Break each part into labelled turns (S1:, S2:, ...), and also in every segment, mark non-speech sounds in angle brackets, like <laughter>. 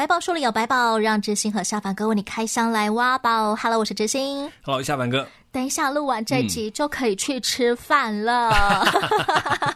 S1: 百寶說裡有百寶，讓知心和下巴哥為你開箱來挖寶。Hello，
S2: 我是知心。Hello，下巴哥。
S1: 等一下錄完這集就可以去吃飯了。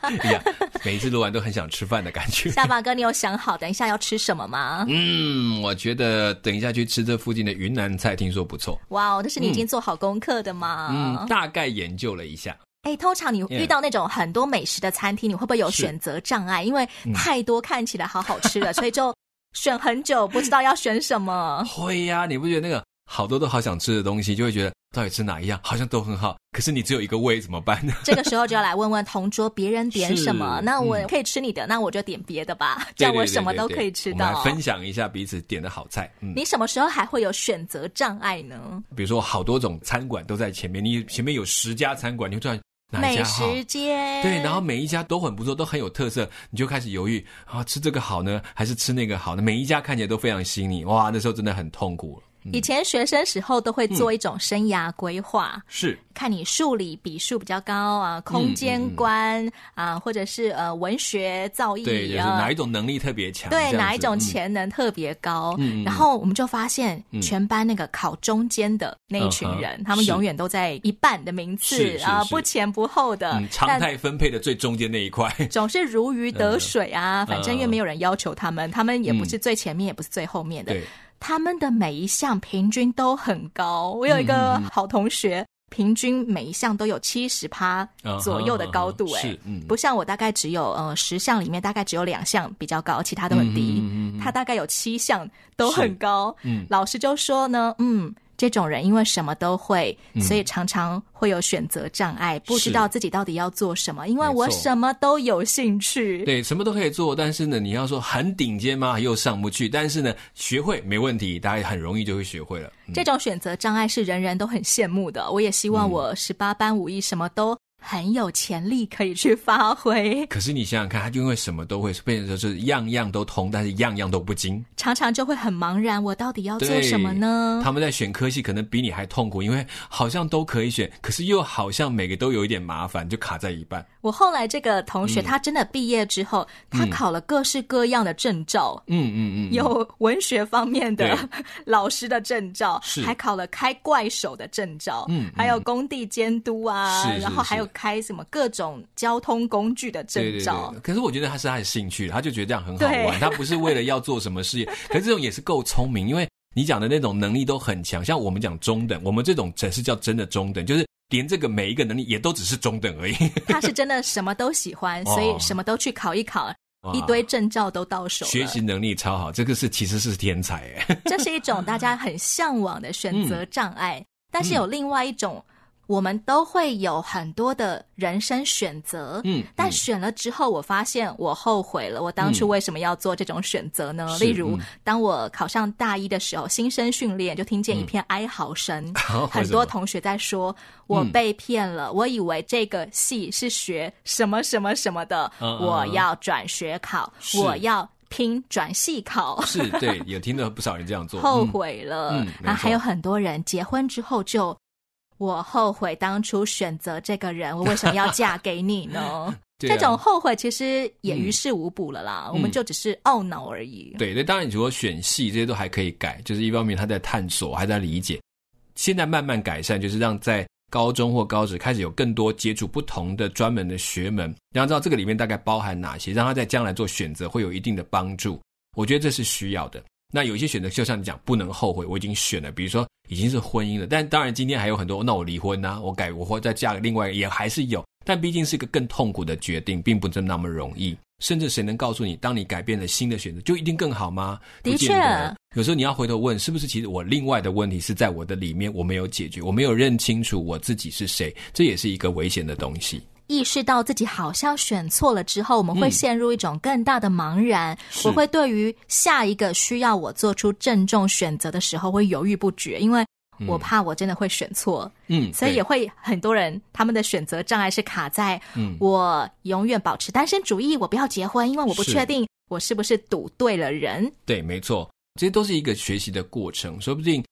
S2: 哎呀，每次錄完都很想吃飯的感覺。
S1: 下巴哥，你有想好等一下要
S2: 吃什麼嗎？嗯，我覺得等一下去吃這附近的雲南菜，聽說不錯。
S1: 哇哦，這是你已經做好功課的嗎嗯？嗯，大
S2: 概研究了一下。
S1: 哎、欸，通常你遇到那種很多美食的餐廳，Yeah. 你會不會有選擇障礙？是因為太多看起來好好吃的，嗯、所以就。選很久，不知道要選什麼， <laughs>
S2: 會呀、啊！你不覺得那個好多都好想吃的東西，就會覺得到底吃哪一樣好像都很好，可是你只有一個胃怎麼辦呢？ <laughs> 這
S1: 個時候就要來問問同桌別人點什麼，是那我可以吃你的，嗯、那我就點別的吧，對對對對對，這樣我什麼都可以吃到。來分
S2: 享一下彼此點的好菜。嗯、你
S1: 什麼時候還會有選擇障礙呢？
S2: 比如說好多種餐館都在前面，你前面有十家餐館，你會這樣。美食
S1: 街，對，然後
S2: 每一家都很不錯，都很有特色，你就開始猶豫啊，吃這個好呢，還是吃那個好呢？每一家看起來都非常吸引你，哇，那時候真的很痛苦了。以
S1: 前學生時候都會做一種生涯規劃，是看你數理、比數比較高啊，空間觀啊，或者是呃文學造詣啊，哪一
S2: 種能力特別強？對，哪一種潛能
S1: 特別高？然後我們就發現，全班那個考中間的那一群人，他們永遠都在一半的名次啊，不前不後的，常態
S2: 分配的最中間那一塊，
S1: 總是如魚得水啊。反正因為沒有人要求他們，他們也不是最前面，也不是最後面的。他們的每一項平均都很高。我有一個好同學，嗯嗯，平均每一項都有七十趴左右的高度誒，是，不像我大概只有呃十項裡面大概只有兩項比較高，其他都很低。嗯嗯嗯嗯，他大概有七項都很高，嗯、老師就說呢，嗯。這種人因為什麼都會，所以常常會有選擇障礙，嗯、不知道自己到底要做什麼。是因為我什麼都有興趣，
S2: 對，什麼都可以做。但是呢，你要說很頂尖嗎？又上不去。但是呢，學會沒問題，大家很容易就會學會了。嗯、這
S1: 種選擇障礙是人人都很羨慕的。我也希望我十八般武藝什麼都。很有潛力可以去發揮，
S2: 可是你想想看，他就因為什麼都會，變成說就是樣樣都通，但是樣樣都不精，
S1: 常常就會很茫然。我到底要做什麼呢？他
S2: 們在選科系可能比你還痛苦，因為好像都可以選，可是又好像每個都有一點麻煩，就卡在一半。
S1: 我後來這個同學、嗯、他真的畢業之後，他考了各式各樣的證照，嗯嗯嗯，有文學方面的、嗯啊、老師的證照，是還考了開怪手的證照，嗯，還有工地監督啊，是是是，然後還有。開什麼各種交通工具的證照？
S2: 可是我覺得他是他的興趣的，他就覺得這樣很好玩。對他不是為了要做什麼事業， <laughs> 可是這種也是夠聰明，因為你講的那種能力都很強。像我們講中等，我們這種才是叫真的中等，就是連這個每一個能力也都只是中等而已。
S1: 他是真的什麼都喜歡，所以什麼都去考一考，哦、一堆證照都到手，學習
S2: 能力超好，這個是其實是天才耶。
S1: 這是一種大家很向往的選擇障礙，嗯、但是有另外一種。嗯我們都會有很多的人生選擇，嗯，但選了之後，我發現我後悔了。我當初為什麼要做這種選擇呢？例如，當我考上大一的時候，新生訓練就聽見一片哀嚎聲，
S2: 很多同
S1: 學在說：“我被騙了，我以為這個系是學什麼什麼什麼的，我要轉學考，我要拼轉系考。”是，對，
S2: 也聽到不少人這樣做，後悔
S1: 了。嗯，然後還有很多人結婚之後就。我後悔當初選擇這個人，我為什麼要嫁給你呢？ <laughs> 啊、這種後悔其實也於事無補了啦，嗯、我們就只是懊惱而已。嗯、
S2: 對，那當然，如果選系這些都還可以改，就是一方面他在探索，還在理解，現在慢慢改善，就是讓在高中或高職開始有更多接觸不同的專門的學門，然後知道這個裡面大概包含哪些，讓他在將來做選擇會有一定的幫助。我覺得這是需要的。那有一些選擇，就像你講，不能後悔，我已經選了。比如說，已經是婚姻了，但當然今天還有很多。那我離婚吶、啊，我改，我或再嫁給另外個，也還是有。但畢竟是一個更痛苦的決定，並不是那麼容易。甚至誰能告訴你，當你改變了新的選擇，就一定更好嗎？的確，的確有時候你要回頭問，是不是其實我另外的問題是在我的裡面，我沒有解決，我沒有認清楚我自己是誰，這也是一個危險的東西。
S1: 意識到自己好像選錯了之後，我們會陷入一種更大的茫然。嗯，我會對於下一個需要我做出鄭重選擇的時候會猶豫不決，因為我怕我真的會選錯。嗯，所以也會很多人他們的選擇障礙是卡在“嗯，我永遠保持單身主義，我不要結婚”，因為我不確定我是不是賭對了人。
S2: 對，沒錯，這都是一個學習的過程。說不定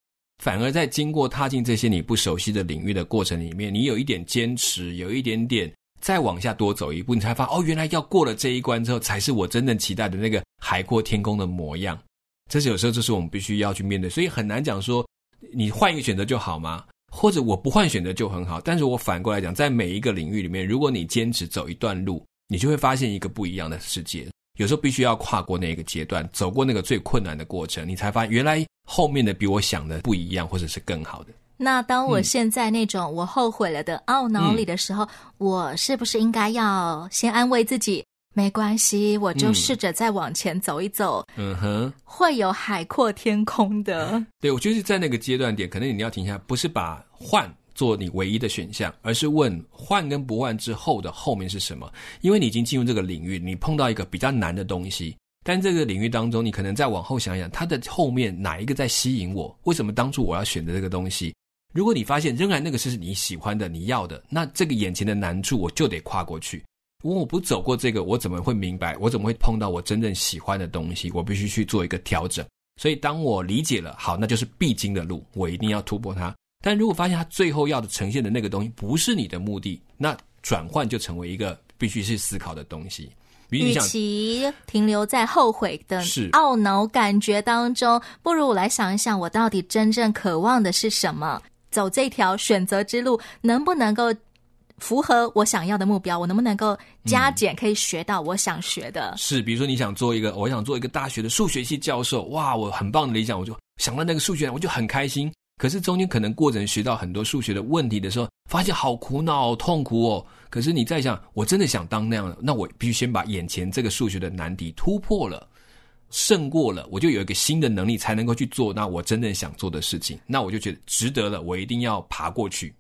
S2: 反而在經過踏進這些你不熟悉的領域的過程裡面，你有一點堅持，有一點點。再往下多走一步，你才發現哦，原來要過了這一關之後，才是我真正期待的那個海闊天空的模樣。這是有時候，這是我們必須要去面對，所以很難講說你換一個選擇就好嗎？或者我不換選擇就很好？但是我反過來講，在每一個領域裡面，如果你堅持走一段路，你就會發現一個不一樣的世界。有時候必須要跨過那個階段，走過那個最困難的過程，你才發現原來後面的比我想的不一樣，或者是更好的。
S1: 那當我陷在那種我後悔了的懊惱裡的時候，嗯、我是不是應該要先安慰自己？沒關係，我就試着再往前走一走。嗯哼，會有海闊天空的。
S2: 對，我覺得是在那個階段點，可能你要停下，不是把換做你唯一的選項，而是問換跟不換之後的後面是什麼？因為你已經進入這個領域，你碰到一個比較難的東西，但這個領域當中，你可能再往後想一想，它的後面哪一個在吸引我？為什麼當初我要選擇這個東西？如果你發現仍然那個是你喜歡的，你要的,那這個眼前的難處我就得跨過去。如果我不走過這個，我怎麼會明白？我怎麼會碰到我真正喜歡的東西？我必須去做一個調整。所以當我理解了，好，那就是必經的路，我一定要突破它。但如果發現它最後要呈現的那個東西不是你的目的，那轉換就成為一個必須去思考的東西。與其
S1: 停留在後悔的懊惱感覺當中，是不如我來想一想，我到底真正渴望的是什麼。走這條選擇之路，能不能夠符合我想要的目標？我能不能夠加減可以學到我想學的？嗯，
S2: 是，比如說你想做一個，我想做一個大學的數學系教授，哇，我很棒的理想，我就想到那個數學，我就很開心。可是中間可能過程學到很多數學的問題的時候，發現好苦惱哦，痛苦哦。可是你在想，我真的想當那樣的，那我必須先把眼前這個數學的難題突破了。勝過了，我就有一個新的能力，才能夠去做那我真正想做的事情。那我就覺得值得了，我一定要爬過去。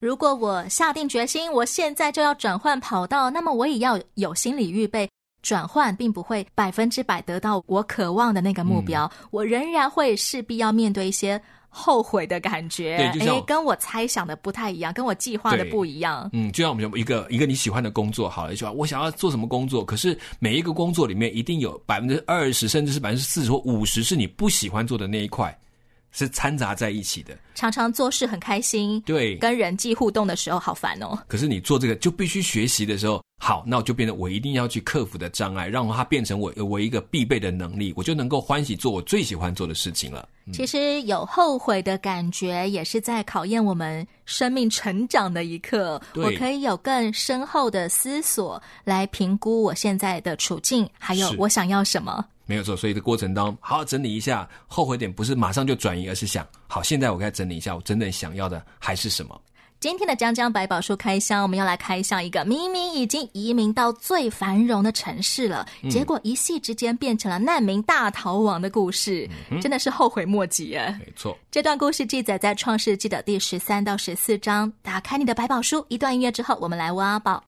S1: 如果我下定決心，我現在就要轉換跑道，那麼我也要有心理預備，轉換並不會百分之百得到我渴望的那個目標，嗯、我仍然會勢必要面對一些。後悔的感覺，對，就像你，欸，跟我猜想的不太一樣，跟我計劃的不一樣。
S2: 嗯，就像我們一個一個你喜歡的工作，好了，一句話，我想要做什麼工作，可是每一個工作裡面一定有百分之二十，甚至是百分之四十或五十，是你不喜歡做的那一塊，是摻雜在一起的。
S1: 常常做事很開心，對，跟人際互動的時候好煩哦。
S2: 可是你做這個就必須學習的時候。好，那我就變成我一定要去克服的障礙，讓它變成我我一個必備的能力，我就能夠歡喜做我最喜歡做的事情了。嗯、其
S1: 實有後悔的感覺，也是在考驗我們生命成長的一刻。對我可以有更深厚的思索，來評估我現在的處境，還有我想要什麼。
S2: 沒有錯，所以這過程當中，好好整理一下後悔點，不是馬上就轉移，而是想好現在我該整理一下，我真的想要的還是什麼。
S1: 今天的江江百寶書開箱，我們要來開箱一個明明已經移民到最繁榮的城市了，結果一夕之間變成了難民大逃亡的故事，嗯、真的是後悔莫及耶。沒錯，這段故事記載在《創世紀》的第十三到十四章。打開你的百寶書，一段音樂之後，我們來挖寶。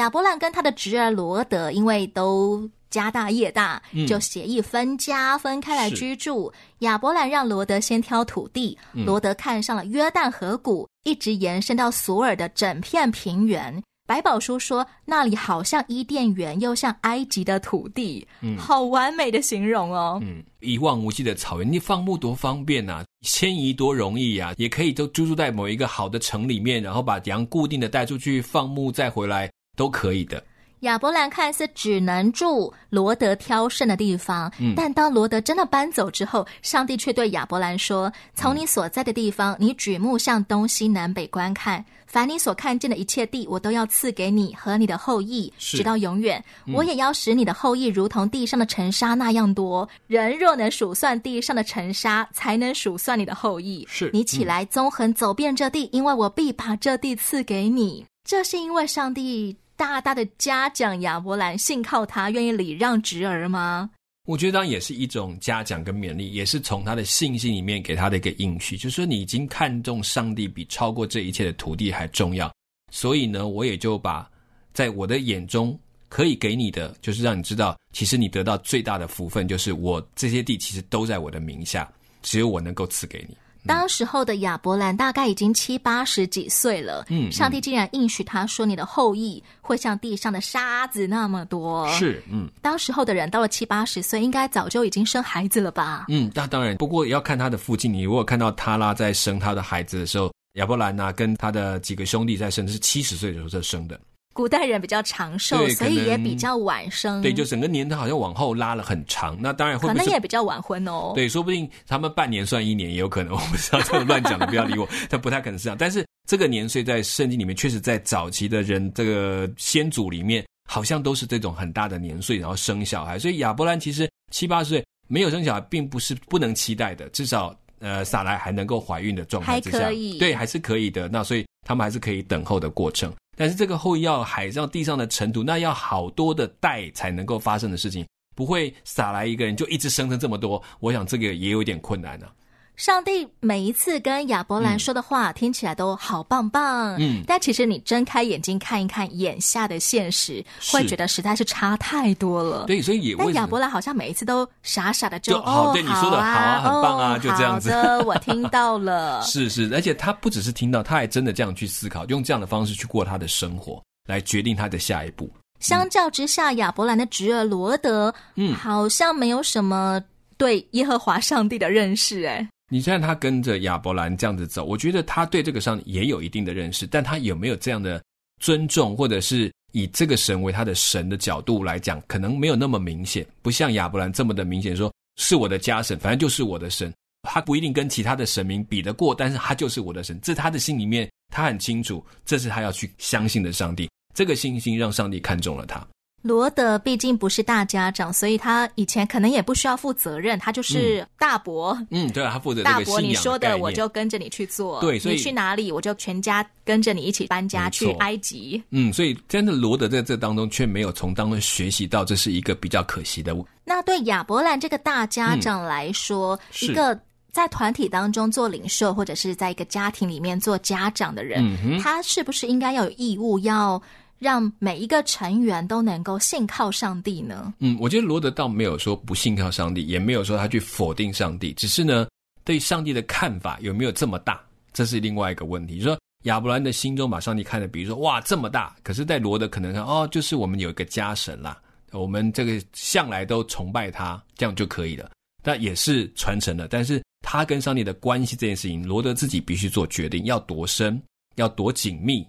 S1: 亞伯蘭跟他的侄兒羅德，因為都家大業大，嗯、就協議分家分開來居住。亞是伯蘭讓羅德先挑土地，嗯、羅德看上了約旦河谷，一直延伸到索爾的整片平原。百寶叔說，那裡好像伊甸園，又像埃及的土地，嗯、好完美的形容哦。嗯，
S2: 一望無際的草原，你放牧多方便吶、啊，遷移多容易啊，也可以都居住在某一個好的城裡面，然後把羊固定的帶出去放牧，再回來。都可以的。
S1: 亞伯蘭看似只能住羅德挑剩的地方，嗯、但當羅德真的搬走之後，上帝卻對亞伯蘭說：“從你所在的地方，嗯、你舉目向東西南北觀看，凡你所看見的一切地，我都要賜給你和你的後裔，是直到永遠。嗯、我也要使你的後裔如同地上的塵沙那樣多。人若能數算地上的塵沙，才能數算你的後裔。是你起來，縱橫走遍這地，嗯、因為我必把這地賜給你。這是因為上帝。”大大的嘉獎亞伯蘭，信靠他，願意禮讓侄兒嗎？
S2: 我覺得當然也是一種嘉獎跟勉勵，也是從他的信心裡面給他的一個應許，就是說你已經看中上帝比超過這一切的土地還重要，所以呢，我也就把在我的眼中可以給你的，就是讓你知道，其實你得到最大的福分就是我這些地其實都在我的名下，只有我能夠賜給你。
S1: 嗯、當時候的亞伯蘭大概已經七八十幾歲了，嗯。上帝竟然應許他說：“你的後裔會像地上的沙子那麼多。”是，嗯，當時候的人到了七八十歲，應該早就已經生孩子了吧？
S2: 嗯，那當然，不過也要看他的父親。你如果看到塔拉在生他的孩子的時候，亞伯蘭呢、啊，跟他的幾個兄弟在生，是七十歲的時候在生的。
S1: 古代人比較長壽，所以也比較晚生。對，就
S2: 整個年頭好像往後拉了很長。那當然會是，可能也比
S1: 較晚婚哦。對，
S2: 說不定他們半年算一年也有可能。我不知道，這麼亂講的，不要理我。 <laughs> 他不太可能是這樣。但是這個年歲在聖經裡面，確實在早期的人這個先祖裡面，好像都是這種很大的年歲，然後生小孩。所以亞伯蘭其實七八十歲沒有生小孩，並不是不能期待的。至少呃，撒萊還能夠懷孕的狀態之下，還可以。對，還是可以的。那所以他們還是可以等候的過程。但是這個後裔要海上、地上的塵土，那要好多的代才能夠發生的事情，不會撒來一個人就一直生成這麼多。我想這個也有點困難呢、啊。
S1: 上帝每一次跟亞伯蘭說的話聽起來都好棒棒，嗯，但其實你睜開眼睛看一看眼下的現實，會覺得實在是差太多了。對，所以也。但亞伯蘭好像每一次都傻傻的就哦，對你說的好啊，很棒啊，就這樣子。好的，我聽到了。是
S2: 是，而且他不只是聽到，他還真的這樣去思考，用這樣的方式去過他的生活，來決定他的下一步。
S1: 相較之下，亞伯蘭的侄兒羅德，嗯，好像沒有什麼對耶和華上帝的認識，哎。
S2: 你看他跟着亞伯蘭這樣子走，我覺得他對這個上帝也有一定的認識，但他有沒有這樣的尊重，或者是以這個神為他的神的角度來講，可能沒有那麼明顯，不像亞伯蘭這麼的明顯說，說是我的家神，反正就是我的神，他不一定跟其他的神明比得過，但是他就是我的神，這他的心裡面他很清楚，這是他要去相信的上帝，這個信心讓上帝看中了他。
S1: 羅德畢竟不是大家長，所以他以前可能也不需要負責任，他就是大伯。
S2: 嗯、嗯，對啊，他負責。大伯，你說的，我就
S1: 跟着你去做。對，所以你去哪裡，我就全家跟着你一起搬家去埃及。
S2: 嗯，所以真的，羅德在這當中卻沒有從當中學習到，這是一個比較可惜的。
S1: 那對亞伯蘭這個大家長來說，嗯，一個在團體當中做領袖，或者是在一個家庭裡面做家長的人，嗯哼，他是不是應該要有義務要？讓每一個成員都能夠信靠上帝呢？
S2: 嗯，我覺得羅德倒沒有說不信靠上帝，也沒有說他去否定上帝，只是呢，對上帝的看法有沒有這麼大，這是另外一個問題。你、就是、說亞伯蘭的心中把上帝看得，比如說哇這麼大，可是，在羅德可能說哦，就是我們有一個家神啦，我們這個向來都崇拜他，這樣就可以了。那也是傳承的，但是他跟上帝的關係這件事情，羅德自己必須做決定，要多深，要多緊密。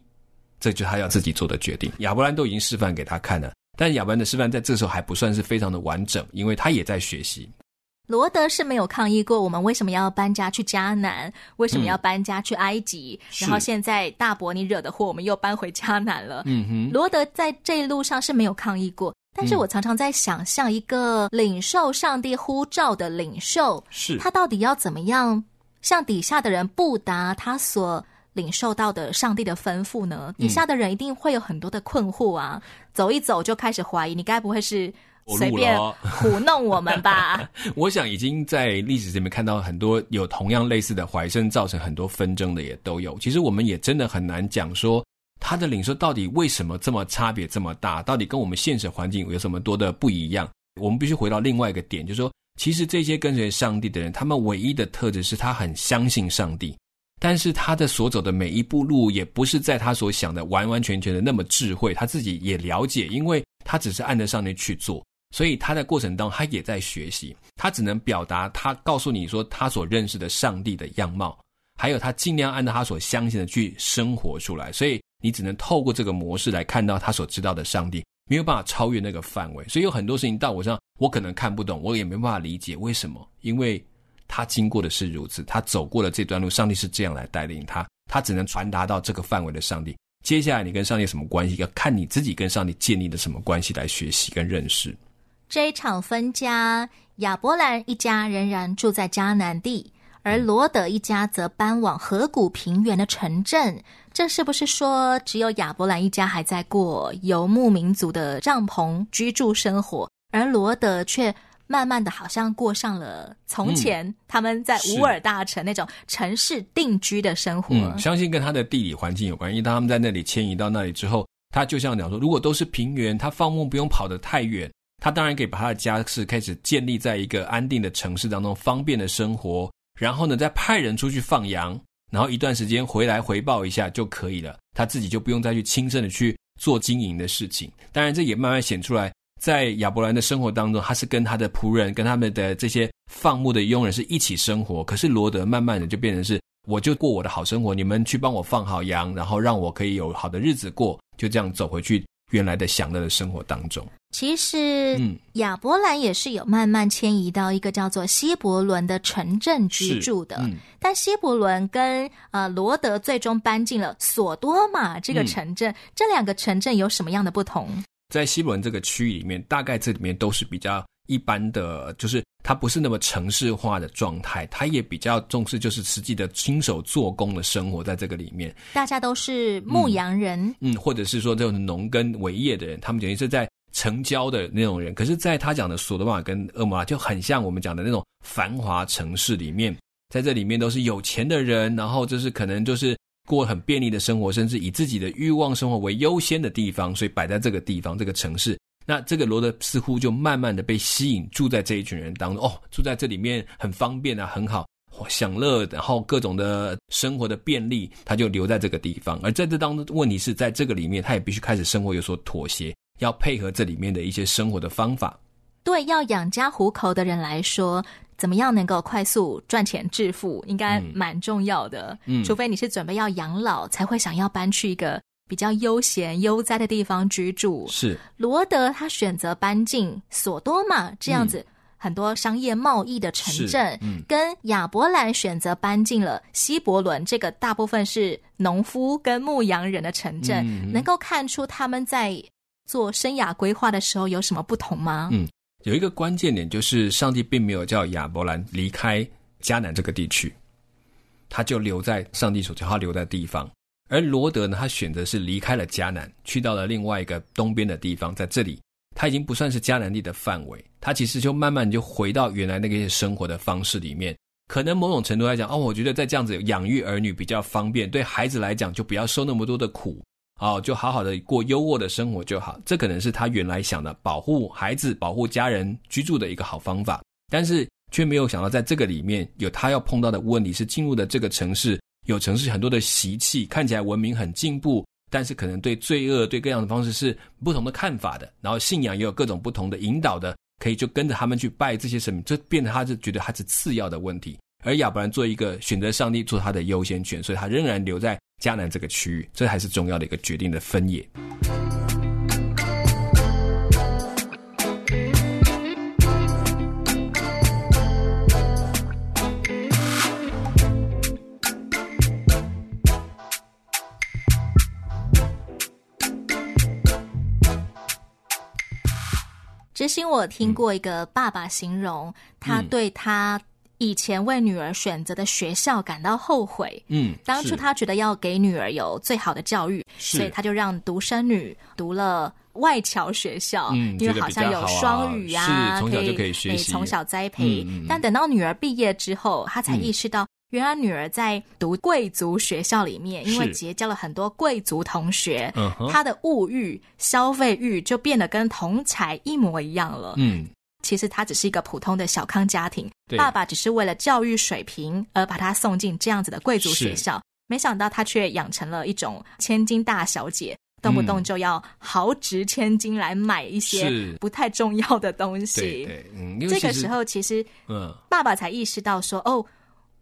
S2: 這就是他要自己做的決定。亞伯蘭都已經示範給他看了，但亞伯蘭的示範在這時候還不算是非常的完整，因為他也在學習。
S1: 羅德是沒有抗議過，我們為什麼要搬家去迦南？為什麼要搬家去埃及？嗯、然後現在大伯你惹的禍，我們又搬回迦南了。嗯哼是。羅德在這一路上是沒有抗議過，但是我常常在想像一個領受上帝呼召的領袖、嗯，是他到底要怎麼樣向底下的人布達他所。領受到的上帝的吩咐呢？底下的人一定會有很多的困惑啊！嗯、走一走就開始懷疑，你該不會是隨便糊弄我們吧？
S2: 我，路 <laughs> 我想已經在歷史裡面看到很多有同樣類似的懷身造成很多紛爭的也都有。其實我們也真的很難講說他的領受到底為什麼這麼差別這麼大？到底跟我們現實環境有什麼多的不一樣？我們必須回到另外一個點，就是說，其實這些跟隨上帝的人，他們唯一的特質是他很相信上帝。但是他的所走的每一步路，也不是在他所想的完完全全的那麼智慧，他自己也了解，因為他只是按着上帝去做，所以他在過程當中，他也在學習，他只能表達，他告訴你說他所認識的上帝的樣貌，還有他尽量按照他所相信的去生活出來，所以你只能透過這個模式來看到他所知道的上帝，沒有辦法超越那個範圍，所以有很多事情到我上，我可能看不懂，我也沒辦法理解為什麼，因為。他經過的是如此，他走過了這段路，上帝是這樣來帶領他，他只能傳達到這個範圍的上帝。接下來，你跟上帝有什麼關係？要看你自己跟上帝建立的什麼關係來學習跟認識。
S1: 這一場分家，亞伯蘭一家仍然住在迦南地，而羅德一家則搬往河谷平原的城鎮。這是不是說，只有亞伯蘭一家還在過游牧民族的帳篷居住生活，而羅德卻？慢慢的好像過上了從前他們在烏爾大城那種城市定居的生活嗯。嗯，相
S2: 信跟他的地理環境有關係。因為當他們在那裡遷移到那裡之後，他就像講說，如果都是平原，他放牧不用跑得太遠，他當然可以把他的家室開始建立在一個安定的城市當中，方便的生活。然後呢，再派人出去放羊，然後一段時間回來回報一下就可以了。他自己就不用再去親身的去做經營的事情。當然，這也慢慢顯出來。在亞伯蘭的生活當中，他是跟他的僕人、跟他們的這些放牧的傭人是一起生活。可是羅德慢慢的就變成是，我就過我的好生活，你們去幫我放好羊，然後讓我可以有好的日子過，就這樣走回去原來的享樂的生活當中。
S1: 其實，嗯，亞伯蘭也是有慢慢遷移到一個叫做希伯倫的城鎮居住的。嗯、但希伯倫跟呃羅德最終搬進了所多瑪這個城鎮，嗯、這兩個城鎮有什麼樣的不同？
S2: 在希伯崙這個區域裡面，大概這裡面都是比較一般的，就是它不是那麼城市化的狀態，它也比較重視就是實際的親手做工的生活在這個裡面。
S1: 大家都是牧羊人，
S2: 嗯，嗯，或者是說這種農耕為業的人，他們等於是在城郊的那種人。可是，在他講的所多瑪跟蛾摩拉，就很像我們講的那種繁華城市裡面，在這裡面都是有錢的人，然後就是可能就是。過很便利的生活，甚至以自己的慾望生活為優先的地方，所以擺在這個地方、這個城市。那這個羅得似乎就慢慢的被吸引，住在這一群人當中。哦，住在這裡面很方便啊，很好，哦，享樂，然後各種的生活的便利，他就留在這個地方。而在這當中，問題是在這個裡面，他也必須開始生活有所妥協，要配合這裡面的一些生活的方法。
S1: 對，要養家糊口的人來說。怎麼樣能夠快速賺錢致富，應該蠻重要的。嗯，除非你是準備要養老，嗯，才會想要搬去一個比較悠閒悠哉的地方居住。是，羅德他選擇搬進所多瑪這樣子，很多商業貿易的城鎮。嗯，跟亞伯蘭選擇搬進了希伯崙，嗯，這個大部分是農夫跟牧羊人的城鎮，嗯，能夠看出他們在做生涯規劃的時候有什麼不同嗎？嗯。
S2: 有一個關鍵點，就是上帝並沒有叫亞伯蘭離開迦南這個地區，他就留在上帝所叫他留在地方。而羅德呢，他選擇是離開了迦南，去到了另外一個東邊的地方。在這裡，他已經不算是迦南地的範圍，他其實就慢慢就回到原來那個生活的方式裡面。可能某種程度來講，哦，我覺得在這樣子養育兒女比較方便，對孩子來講就不要受那麼多的苦。哦，就好好的過優渥的生活就好，這可能是他原來想的，保護孩子、保護家人居住的一個好方法。但是卻沒有想到，在這個裡面有他要碰到的問題是，進入的這個城市有城市很多的習氣，看起來文明很進步，但是可能對罪惡、對各樣的方式是不同的看法的。然後信仰也有各種不同的引導的，可以就跟着他們去拜這些神明，這變得他是覺得他是次要的問題。而亞伯蘭做一個選擇，上帝做他的優先權，所以他仍然留在迦南這個區域，這還是重要的一個決定的分野。
S1: 執心、嗯，我聽過一個爸爸形容，他對他。以前為女兒選擇的學校感到後悔。
S2: 嗯，當初他
S1: 覺得要給女兒有最好的教育，是所以他就讓獨生女讀了外僑學校，嗯啊、因為好像有雙語啊，是可以從小栽培。嗯、但等到女兒畢業之後，他才意識到，原來女兒在讀貴族學校裡面，嗯、因為結交了很多貴族同學，她是的物欲、消費欲就變得跟同儕一模一樣了。嗯。其實他只是一個普通的小康家庭，對爸爸只是為了教育水平而把他送進這樣子的貴族學校，是沒想到他卻養成了一種千金大小姐，嗯、動不動就要豪擲千金來買一些不太重要的東西。對，對，
S2: 嗯、因為這個時候其實，
S1: 爸爸才意識到說，嗯、哦，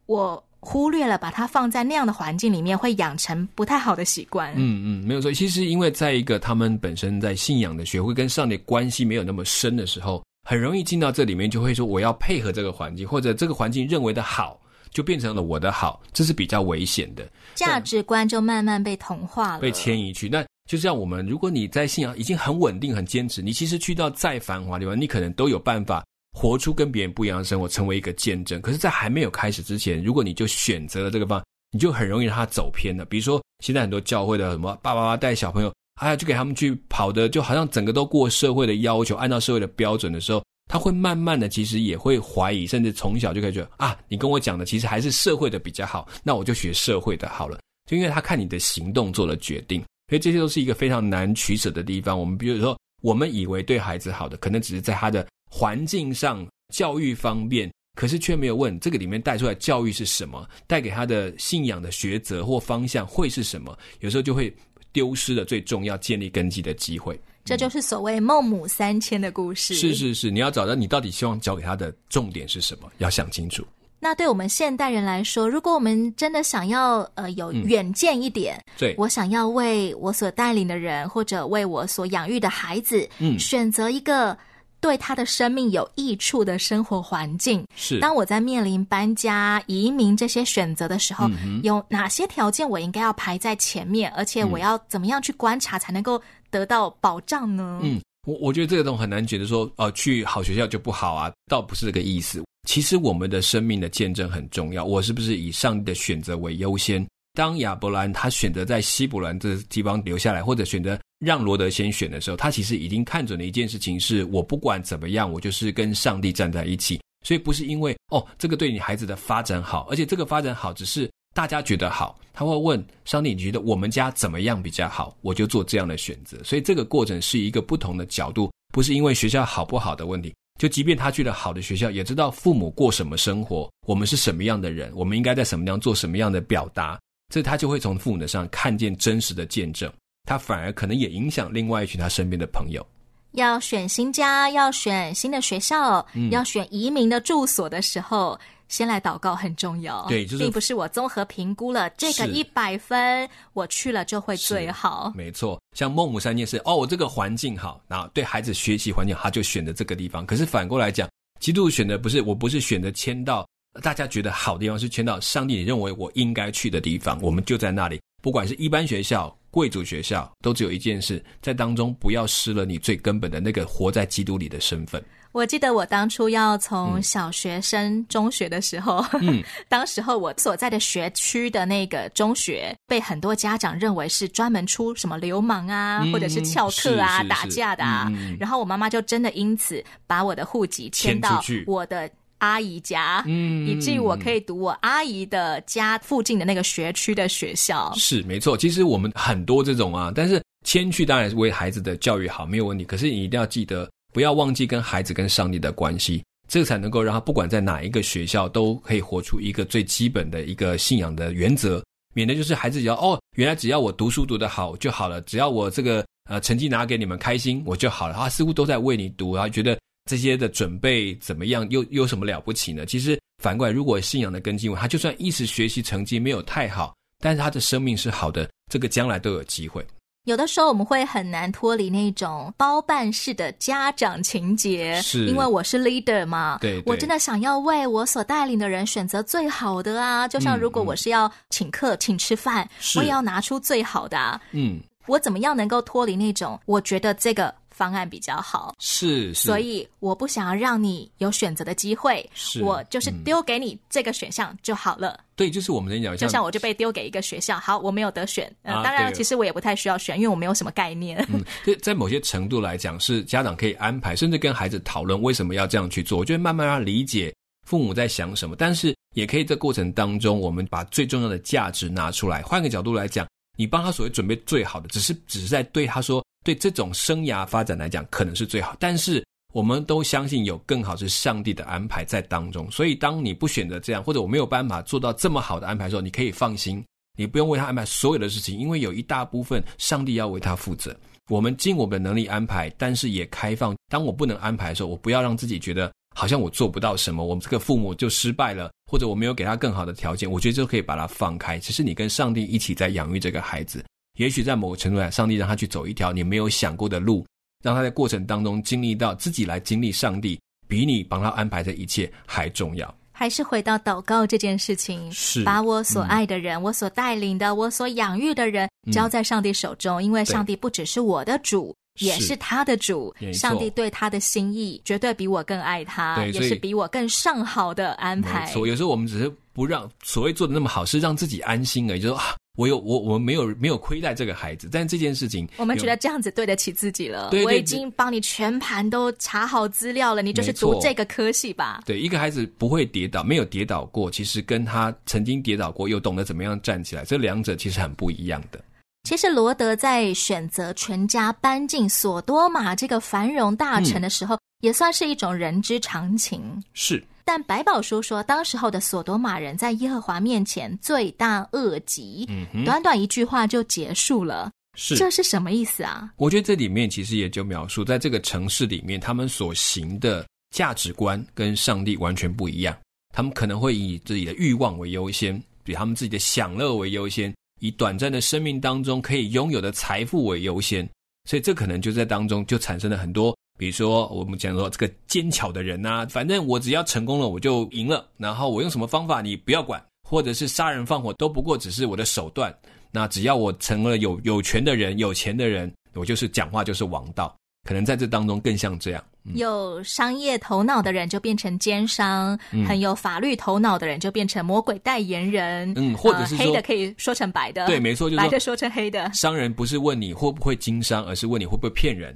S1: 我忽略了把他放在那樣的環境裡面會養成不太好的習慣。
S2: 嗯嗯，沒有錯。其實因為在一個他們本身在信仰的學會跟上帝關係沒有那麼深的時候，很容易進到這裡面，就會說我要配合這個環境，或者這個環境認為的好，就變成了我的好，這是比較危險的，
S1: 價值觀就慢慢被同化了，被遷
S2: 移去。那就像我們，如果你在信仰已經很穩定、很堅持，你其實去到再繁華地方，你可能都有辦法活出跟別人不一樣的生活，成為一個見證。可是，在還沒有開始之前，如果你就選擇了這個方，你就很容易讓他走偏了。比如說，現在很多教會的什麼爸爸媽媽帶小朋友。啊，就給他們去跑的，就好像整個都過社會的要求，按照社會的標準的時候，他會慢慢的，其實也會懷疑，甚至從小就開始覺得啊，你跟我講的其實還是社會的比較好，那我就學社會的好了。就因為他看你的行動做了決定，所以這些都是一個非常難取捨的地方。我們比如說，我們以為對孩子好的，可能只是在他的環境上、教育方面，可是卻沒有問這個裡面帶出來教育是什麼，帶給他的信仰的抉擇或方向會是什麼。有時候就會。丟失了最重要建立根基的機會，嗯、
S1: 這就是所謂孟母三遷的故事。是是
S2: 是，你要找到你到底希望教給他的重點是什麼？要想清楚。
S1: 那對我們現代人來說，如果我們真的想要呃有遠見一點，嗯、對我想要為我所帶領的人或者為我所養育的孩子，嗯，選擇一個。對他的生命有益處的生活環境是。當我在面臨搬家、移民這些選擇的時候，嗯、哼有哪些條件我應該要排在前面？而且我要怎麼樣去觀察才能夠得到保障呢？嗯，
S2: 我我覺得這個東西很難覺得說，哦、呃，去好學校就不好啊，倒不是這個意思。其實我們的生命的見證很重要。我是不是以上帝的選擇為優先？當亞伯蘭他選擇在希伯蘭這個地方留下來，或者選擇。讓羅德先選的時候，他其實已經看準了一件事情是：是我不管怎麼樣，我就是跟上帝站在一起。所以不是因為哦，這個對你孩子的發展好，而且這個發展好只是大家覺得好。他會問上帝：你覺得我們家怎麼樣比較好？我就做這樣的選擇。所以這個過程是一個不同的角度，不是因為學校好不好的問題。就即便他去了好的學校，也知道父母過什麼生活，我們是什麼樣的人，我們應該在什麼地方做什麼樣的表達。這他就會從父母的上看見真實的見證。他反而可能也影響另外一群他身邊的朋友。
S1: 要選新家，要選新的學校，嗯、要選移民的住所的時候，先來禱告很重要。對，就是並不是我綜合評估了是這個一百分，我去了就會最好。
S2: 沒錯，像孟母三遷是哦，我這個環境好，然後對孩子學習環境，他就選擇這個地方。可是反過來講，基督選的不是，我不是選擇遷到大家覺得好的地方，是遷到上帝你認為我應該去的地方，我們就在那裡。不管是一般學校、貴族學校，都只有一件事，在當中不要失了你最根本的那個活在基督裡的身份。
S1: 我記得我當初要從小學升中學的時候，嗯、 <laughs> 當時候我所在的學區的那個中學，被很多家長認為是專門出什麼流氓啊，嗯、或者是翹課啊、是是是打架的啊。嗯、然後我媽媽就真的因此把我的戶籍遷到我的，阿姨家，嗯，以至於我可以讀我阿姨的家附近的那個學區的學校。
S2: 是，沒錯，其實我們很多這種啊，但是遷去當然是為孩子的教育好，沒有問題。可是你一定要記得，不要忘記跟孩子跟上帝的關係，這才能夠讓他不管在哪一個學校都可以活出一個最基本的一個信仰的原則，免得就是孩子只要哦，原來只要我讀書讀得好就好了，只要我這個呃成績拿給你們開心我就好了。他、啊、似乎都在為你讀啊，然後覺得。這些的準備怎麼樣？又有什麼了不起呢？其實反過來，如果信仰的根基穩，他就算一直學習成績沒有太好，但是他的生命是好的，這個將來都有機會。
S1: 有的時候我們會很難脫離那種包辦式的家長情節，是因為我是 leader 嘛。對，對，我真的想要為我所帶領的人選擇最好的啊。就像如果我是要請客，嗯，請吃飯，是我也要拿出最好的啊。嗯，我怎麼樣能夠脫離那種？我覺得這個。方案比較好，是，
S2: 是，所以
S1: 我不想要讓你有選擇的機會，是我就是丟給你這個選項就好
S2: 了。對，就是我們人講，像就像我
S1: 就被丟給一個學校，好，我沒有得選。啊，嗯、當然，了其實我也不太需要選，因為我沒有什麼概念。
S2: 所、嗯、在某些程度來講，是家長可以安排，甚至跟孩子討論為什麼要這樣去做。我覺得慢慢要理解父母在想什麼，但是也可以在過程當中，我們把最重要的價值拿出來。換個角度來講，你幫他所謂準備最好的，只是只是在對他說。對這種生涯發展來講，可能是最好。但是我們都相信有更好，是上帝的安排在當中。所以，當你不選擇這樣，或者我沒有辦法做到這麼好的安排的時候，你可以放心，你不用為他安排所有的事情，因為有一大部分上帝要為他負責。我們盡我們的能力安排，但是也開放。當我不能安排的時候，我不要讓自己覺得好像我做不到什麼，我們這個父母就失敗了，或者我沒有給他更好的條件，我覺得就可以把它放開。其實你跟上帝一起在養育這個孩子。也許在某個程度上，上帝讓他去走一條你沒有想過的路，讓他在過程當中經歷到自己來經歷上帝，比你幫他安排這一切還重要。
S1: 還是回到禱告這件事情，是把我所愛的人、嗯、我所帶領的、我所養育的人、嗯、交在上帝手中，因為上帝不只是我的主，對也是他的主。上帝對他的心意絕對比我更愛他，也是比我更上好的安排。所以
S2: 有時候我們只是不讓所謂做得那麼好，是讓自己安心而已，就說。我有我，我沒有沒有虧待這個孩子，但這件事情，我們覺得這
S1: 樣子對得起自己了。對對對，我已經幫你全盤都查好資料了，你就是讀這個科系吧？
S2: 對，一個孩子不會跌倒，沒有跌倒過，其實跟他曾經跌倒過，又懂得怎麼樣站起來，這兩者其實很不一樣的。
S1: 其實羅德在選擇全家搬進索多瑪這個繁榮大城的時候，嗯，也算是一種人之常情。是。但白寶書說，當時候的所多瑪人在耶和華面前罪大惡極。嗯哼，短短一句話就結束了，是，這是什麼意思啊？
S2: 我覺得這裡面其實也就描述，在這個城市裡面，他們所行的價值觀跟上帝完全不一樣。他們可能會以自己的慾望為優先，以他們自己的享樂為優先，以短暫的生命當中可以擁有的財富為優先。所以這可能就在當中就產生了很多。比如說，我們講說這個奸巧的人吶、啊，反正我只要成功了，我就贏了。然後我用什麼方法，你不要管，或者是殺人放火，都不過只是我的手段。那只要我成了有有權的人、有錢的人，我就是講話就是王道。可能在這當中更像這樣，嗯、
S1: 有商業頭腦的人就變成奸商，嗯、很有法律頭腦的人就變成魔鬼代言人。嗯，或者是說、呃、黑的可以說成白的，對，沒錯，就是白的說成黑的。
S2: 商人不是問你會不會經商，而是問你會不會騙人。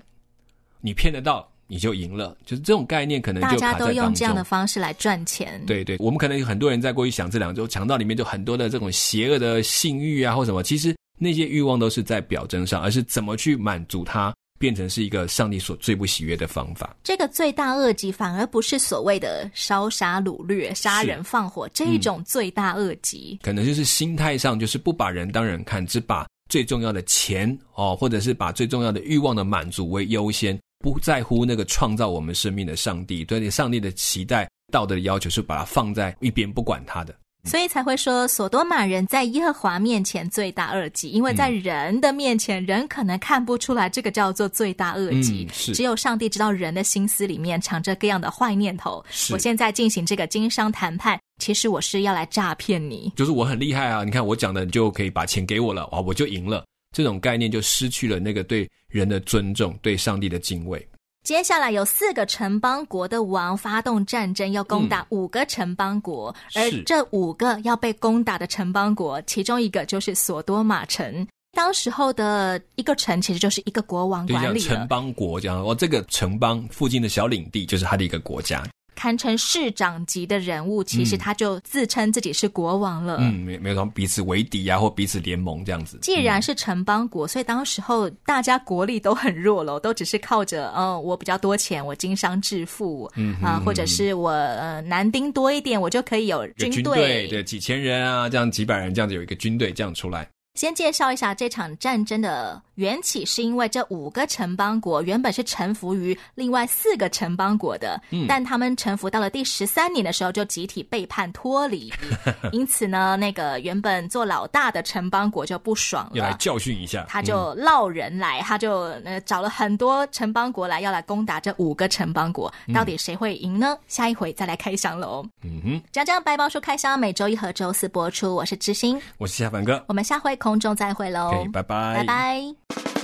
S2: 你騙得到，你就贏了。就是這種概念，可能在大家都用這樣的
S1: 方式來賺錢。對
S2: 對，我們可能有很多人在過去想這，這兩週強盜裡面就很多的這種邪惡的性欲啊，或什麼，其實那些欲望都是在表徵上，而是怎麼去滿足它，變成是一個上帝所最不喜悅的方法。
S1: 這個罪大惡極，反而不是所謂的燒殺擄掠、殺人放火、嗯、這一種罪大惡
S2: 極。可能就是心態上，就是不把人當人看，只把最重要的錢哦，或者是把最重要的欲望的滿足為優先。不在乎那個創造我們生命的上帝，對你上帝的期待、道德的要求是把它放在一邊不管它的，
S1: 所以才會說，所多瑪人在耶和華面前罪大惡極，因為在人的面前，嗯、人可能看不出來這個叫做罪大惡極，嗯、只有上帝知道人的心思裡面藏着各樣的壞念頭。是我現在進行這個經商談判，其實我是要來詐騙你，
S2: 就是我很厲害啊！你看我講的，你就可以把錢給我了，哇，我就贏了。這種概念就失去了那個對人的尊重，對上帝的敬畏。
S1: 接下來有四個城邦國的王發動戰爭，要攻打五個城邦國，嗯、而這五個要被攻打的城邦國，其中一個就是索多瑪城。當時候的一個城其實就是一個國王管理了，對，像城
S2: 邦國，這樣哦，這個城邦附近的小領地就是他的一個國家。
S1: 堪稱市長級的人物，其實他就自稱自己是國王了。嗯，
S2: 沒沒有什麼彼此為敵啊，或彼此聯盟這樣子。
S1: 既然是城邦國，嗯、所以當時候大家國力都很弱了，都只是靠着，嗯、哦，我比較多錢，我經商致富，
S2: 嗯哼嗯哼啊，
S1: 或者是我男丁、呃、多一點，我就可以有軍隊，軍隊
S2: 對幾千人啊，這樣幾百人這樣子有一個軍隊這樣出來。
S1: 先介紹一下這場戰爭的緣起，是因為這五個城邦國原本是臣服於另外四個城邦國的，嗯，但他們臣服到了第十三年的時候，就集體背叛脫離，
S2: <laughs> 因
S1: 此呢，那個原本做老大的城邦國就不爽
S2: 了，要來教訓一下，他就
S1: 撈人來，嗯、他就呃找了很多城邦國來要來攻打這五個城邦國，到底誰會贏呢？嗯、下一回再來開箱嘍。嗯
S2: 哼，
S1: 講講白貓叔開箱，每周一和周四播出。我是知心，
S2: 我是夏凡哥，
S1: 我們下回。空中再會嘍，拜
S2: 拜，拜
S1: 拜。